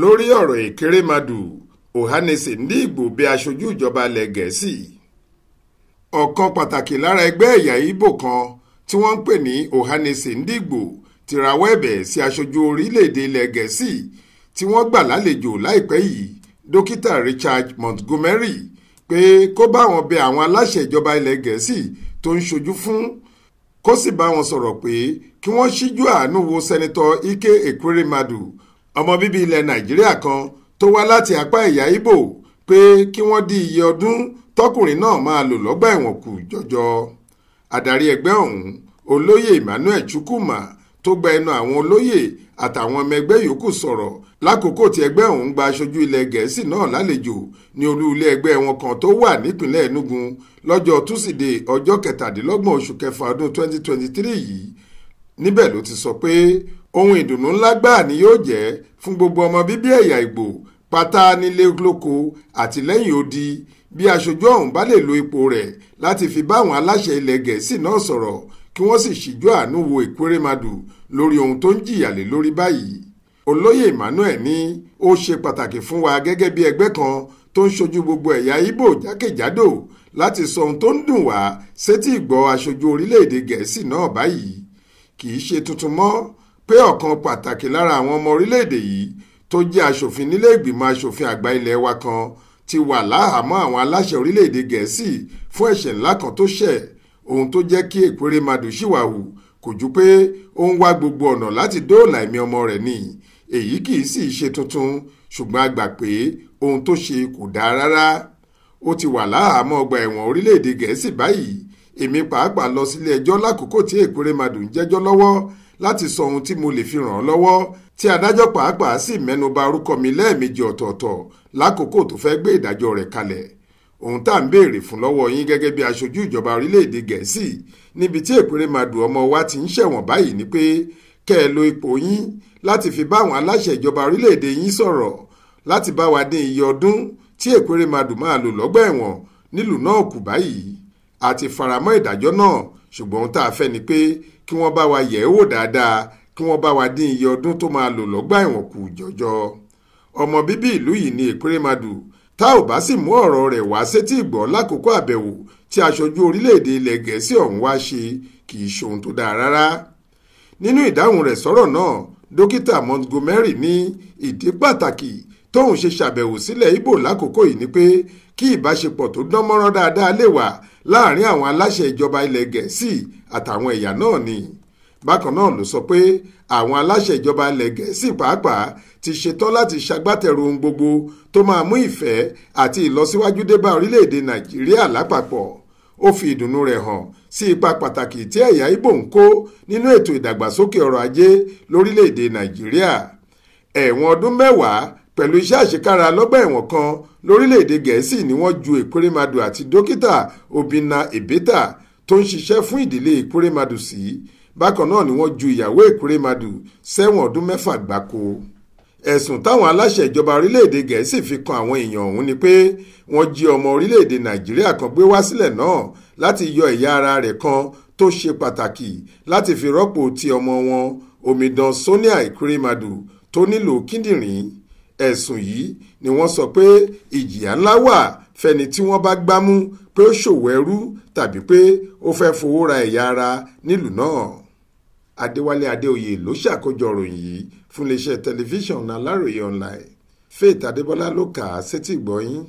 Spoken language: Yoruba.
lórí ọ̀rọ̀ ìkérémadù Ohanaeze Ndigbo bí aṣojú ìjọba ilẹ̀ Gẹ̀ẹ́sì ọ̀kan pàtàkì lára ẹgbẹ́ ẹ̀yà Ìgbò kan tí wọ́n ń pè ní Ohanaeze Ndigbo ti rawọ́ ẹ̀bẹ̀ sí aṣojú orílẹ̀-èdè ilẹ̀ Gẹ̀ẹ́sì tí wọ́n gbà lálejò láìpẹ́ yìí dókítà Richard Montgomery pé kó bá wọn bẹ àwọn aláṣẹ ìjọba ilẹ̀ Gẹ̀ẹ́sì tó ń ṣojú fún kó sì bá wọn sọ̀rọ̀ pé kí wọ́n ṣíjú àánú wo sẹ́nitọ́ Ike Ekweremadu ọmọ bíbí ilẹ̀ nàìjíríà kan tó wá láti apá ẹ̀yà Ìgbò pé kí wọ́n di iye ọdún tọkùnrin náà máa lò lọ́gbà ẹ̀wọ̀n kù jọjọ adarí ẹgbẹ́ ọ̀hún olóyè Emmanuel Chukwuma tó gba ẹnu àwọn olóyè àtàwọn ọmọ ẹgbẹ́ yòókù sọ̀rọ̀ lákòókò tí ẹgbẹ́ ọ̀hún gba aṣojú ilẹ̀ gẹ̀ẹ́sì náà lálejò ní olú ilé ẹgbẹ́ wọn kan tó wà nípìnlẹ̀ Enugu lọ́jọ́ túsídẹ̀ẹ́ ọjọ́ kẹtàdínlọ́gbọ̀n oṣù kẹfà ọdún 2023 yìí níbẹ̀ ló ti sọ pé ohun ìdùnnú ńlá gbáà ni yóò jẹ́ fún gbogbo ọmọ bíbí ẹ̀yà ìgbò pátá nílé lóko àtìlẹ́yìn odi bí aṣojú ọ̀hún bá lè lo ipò rẹ̀ láti fi bá àwọn aláṣẹ ilẹ̀ gẹ̀ẹ́sì náà sọ̀rọ̀ kí wọ́n sì ṣíjú àánú wo ìkúrẹ́madù lórí ohun tó ń jìyà lé lórí báyìí olóyè emmanuel ní ó ṣe pàtàkì fún wa gẹ́gẹ́ bí ẹgbẹ́ kan tó ń ṣojú gbogbo ẹ̀yà ìgbò jákèjádò láti sọ ohun tó ń dùn wá sétí ìgbọ́ aṣojú orílẹ̀-èdè gẹ̀ẹ́sì náà báyìí kì í ṣe tuntun mọ́ pé ọ̀kan pàtàkì lára àwọn ọmọ orílẹ̀-èdè yìí tó jẹ́ aṣòfin nílé ìgbìmọ̀ aṣòfin àgbà ilẹ̀ wa kan ti wà láhàámọ́ àwọn aláṣẹ orílẹ̀-èdè gẹ̀ẹ́sì fún ẹ̀ṣẹ̀ ńlá kan tó ṣẹ̀ ohun tó jẹ́ kí Ekweremadu ṣìwà hù kò ju pé ó ń wá gbogbo ọ̀nà láti dóòlà ẹ̀mí ọmọ rẹ̀ ni èyí kì í sì ṣe tuntun ṣùgbọ́n a gbà pé ohun tó ṣe kò dáa rárá ó ti wà láhàámọ́ ọgbà ẹ̀wọ̀n orílẹ̀-èdè gẹ̀ẹ́sì báyìí èmi pàápàá lọ sílé ẹjọ́ lákòókò tí Èkúrẹ́madù ń jẹ́jọ́ lọ́wọ́ láti sọ ohun tí mo lè fi ràn án lọ́wọ́ tí adájọ́ pàápàá sì mẹ́nuba orúkọ mi lẹ́ẹ̀mejì ọ̀tọ̀ọ̀tọ̀ lákòókò tó fẹ́ gbé ìdájọ́ rẹ̀ kalẹ̀ ohun tá à ń béèrè fún lọ́wọ́ yín gẹ́gẹ́ bí aṣojú ìjọba orílẹ̀-èdè gẹ̀ẹ́sì níbi tí Èkúrẹ́madù ọmọ wa ti ń ṣẹ̀wọ̀n báyìí ni pé kẹ́ ẹ lo ipò yín láti fi bá àwọn aláṣẹ ìjọba orílẹ̀-èdè yín sọ̀rọ̀ láti bá wa dín iye ọdún tí Èkúrẹ́madù máa lò lọ́gbà ẹ̀wọ̀n nílùú náà kù báyìí a ti faramọ́ ìdájọ́ náà ṣùgbọ́n ohun tá a fẹ́ ni pé kí wọ́n bá wa yẹ̀ ẹ́ wò dáadáa kí wọ́n bá wa dín iye ọdún tó máa lò lọ́gbà ẹ̀wọ̀n kù jọjọ ọmọ bíbí ìlú yìí ni Ekweremadu tá ò bá sì mú ọ̀rọ̀ rẹ̀ wá sétí ìgbọ́ lákòókò àbẹ̀wò tí aṣojú orílẹ̀-èdè ilẹ̀ gẹ̀ẹ́sì ọ̀hún wá ṣe kì í ṣohun tó dáa rárá nínú ìdáhùn rẹ̀ sọ́rọ̀ náà dókítà Montgomery ní ìdí pàtàkì tóun ṣe ṣàbẹ̀wò sílẹ̀ Ìgbò lákòókò yìí ni pé kí ìbáṣepọ̀ tó dán mọ́rán dáadáa lè wà láàrin àwọn aláṣẹ ìjọba ilẹ̀ gẹ̀ẹ́sì àtàwọn ẹ̀yà náà ni bákan náà ló sọ pé àwọn aláṣẹ ìjọba ilẹ̀ gẹ̀ẹ́sì pàápàá ti ṣetán láti ṣagbátẹrù ohun gbogbo tó máa mú ìfẹ́ àti ìlọsíwájú dé bá orílẹ̀-èdè nàìjíríà lápapọ̀ ó fi ìdùnnú rẹ̀ hàn sí ipa pàtàkì tí ẹ̀yà Ìgbò ń kó nínú ètò ìdàgbàsókè ọrọ̀ ajé lórílẹ̀-èdè nàìjíríà ẹ̀wọ̀n ọdún mẹ́wàá pẹ̀lú iṣẹ́ àṣekára lọ́gbà ẹ̀wọ̀n kan lórílẹ̀‐èdè gẹ̀ẹ́sì ni wọ́n ju èkúrèmadù àti dókítà obìnà ebeta tó ń ṣiṣẹ́ fún ìdílé èkúrèmadù sí bákan náà ni wọ́n ju ìyàwó èkúrèmadù sẹ́wọ̀n ọdún mẹ́fà gbáko ẹ̀sùn táwọn aláṣẹ ìjọba orílẹ̀‐èdè gẹ̀ẹ́sì fi kan àwọn èèyàn ọ̀hún ni pé wọ́n jí ọmọ orílẹ̀‐èdè nàìjíríà kan gbé wá sílẹ̀ náà láti yọ ẹ̀yà ara rẹ̀ kan tó ṣe pàtàkì láti fi rọ́pò ti ọmọ wọn omidan sonia ìkúrèmadù tó nílò kíndìnrín ẹ̀sùn yìí ni wọ́n sọ pé ìjìyà ńlá wà fẹ́ni tí wọ́n bá gbámú pé ó ṣòwò ẹrú tàbí pé ó fẹ́ fowó ra ẹ̀yà ara nílùú náà. Adéwálé Adéoyè ló ṣàkójọ ròyìn yìí fún iléeṣẹ́ tẹlifíṣàn Aláròye online Faith Adébọ́lá ló kà á sétí ìgbọ́yín.